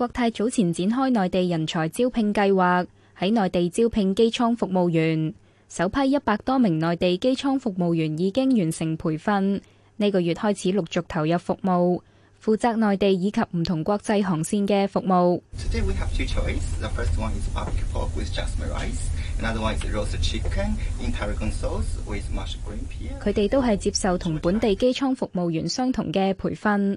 國泰早前展開內地人才招聘計劃，喺內地招聘機艙服務員。首批一百多名內地機艙服務員已經完成培訓，呢個月開始陸續投入服務，負責內地以及唔同國際航線嘅服務。佢哋都係接受同本地機艙服務員相同嘅培訓。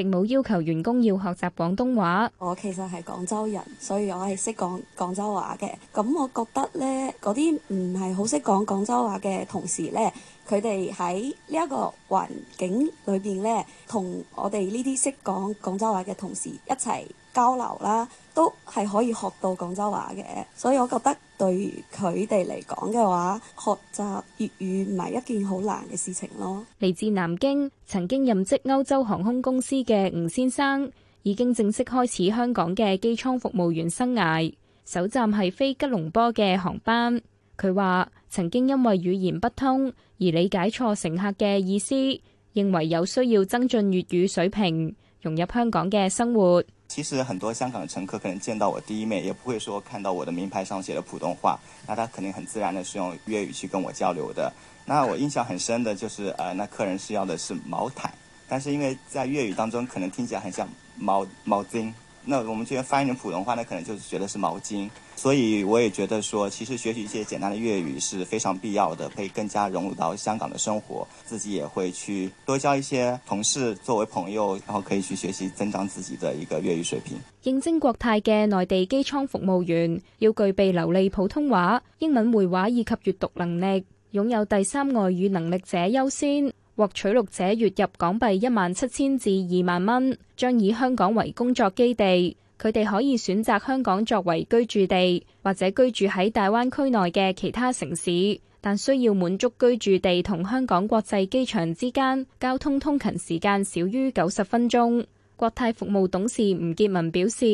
亦冇要求員工要學習廣東話。我其實係廣州人，所以我係識講廣州話嘅。咁我覺得呢嗰啲唔係好識講廣州話嘅同事呢。佢哋喺呢一個環境裏邊咧，同我哋呢啲識講廣州話嘅同事一齊交流啦，都係可以學到廣州話嘅。所以我覺得對佢哋嚟講嘅話，學習粵語唔係一件好難嘅事情咯。嚟自南京，曾經任職歐洲航空公司嘅吳先生，已經正式開始香港嘅機艙服務員生涯，首站係飛吉隆坡嘅航班。佢話：曾經因為語言不通而理解錯乘客嘅意思，認為有需要增進粵語水平，融入香港嘅生活。其實很多香港嘅乘客可能見到我第一面，也不會說看到我的名牌上寫的普通話，那他肯定很自然的是用粵語去跟我交流的。那我印象很深的，就是，呃，那客人需要的是毛毯，但是因為在粵語當中，可能聽起來很像毛毛巾。那我們覺得翻譯成普通話呢，可能就是覺得是毛巾。所以我也覺得說，其實學習一些簡單的粵語是非常必要的，可以更加融入到香港的生活。自己也會去多交一些同事作為朋友，然後可以去學習增長自己的一個粵語水平。應徵國泰嘅內地機艙服務員，要具備流利普通話、英文會話以及閱讀能力，擁有第三外語能力者優先。獲取錄者月入港幣一萬七千至二萬蚊，將以香港為工作基地。佢哋可以選擇香港作為居住地，或者居住喺大灣區內嘅其他城市，但需要滿足居住地同香港國際機場之間交通通勤時間少於九十分鐘。國泰服務董事吳杰文表示，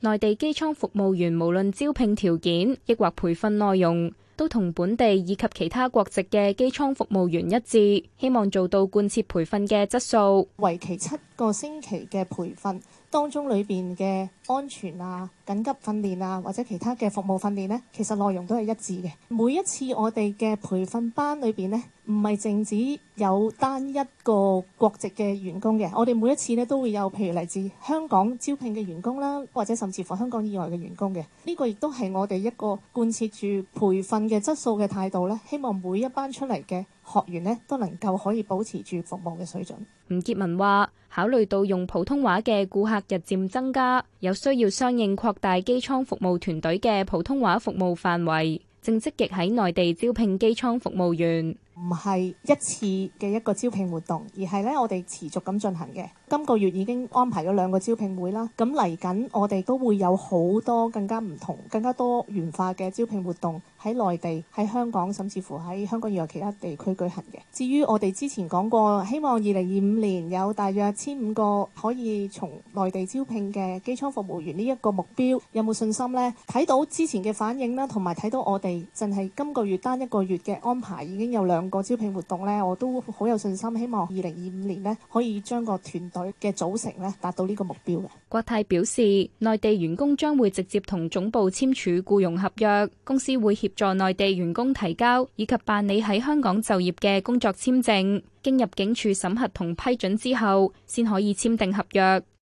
內地機艙服務員無論招聘條件，抑或培訓內容。都同本地以及其他國籍嘅機艙服務員一致，希望做到貫徹培訓嘅質素。為期七個星期嘅培訓當中，裏邊嘅安全啊。緊急訓練啊，或者其他嘅服務訓練呢，其實內容都係一致嘅。每一次我哋嘅培訓班裏邊呢，唔係淨止有單一個國籍嘅員工嘅，我哋每一次呢，都會有，譬如嚟自香港招聘嘅員工啦，或者甚至乎香港以外嘅員工嘅。呢個亦都係我哋一個貫徹住培訓嘅質素嘅態度呢，希望每一班出嚟嘅。學員咧，都能夠可以保持住服務嘅水準。吳潔文話，考慮到用普通話嘅顧客日漸增加，有需要相應擴大機艙服務團隊嘅普通話服務範圍，正積極喺內地招聘機艙服務員。唔係一次嘅，一個招聘活動，而係咧我哋持續咁進行嘅。今個月已經安排咗兩個招聘會啦。咁嚟緊我哋都會有好多更加唔同、更加多元化嘅招聘活動，喺內地、喺香港，甚至乎喺香港以外其他地區舉行嘅。至於我哋之前講過，希望二零二五年有大約千五個可以從內地招聘嘅機艙服務員呢一個目標，有冇信心咧？睇到之前嘅反應啦，同埋睇到我哋淨係今個月單一個月嘅安排已經有兩個招聘活動呢，我都好有信心，希望二零二五年呢，可以將個團隊嘅組成呢達到呢個目標嘅。國泰表示，內地員工將會直接同總部簽署僱傭合約，公司會協助內地員工提交以及辦理喺香港就業嘅工作簽證，經入境處審核同批准之後，先可以簽訂合約。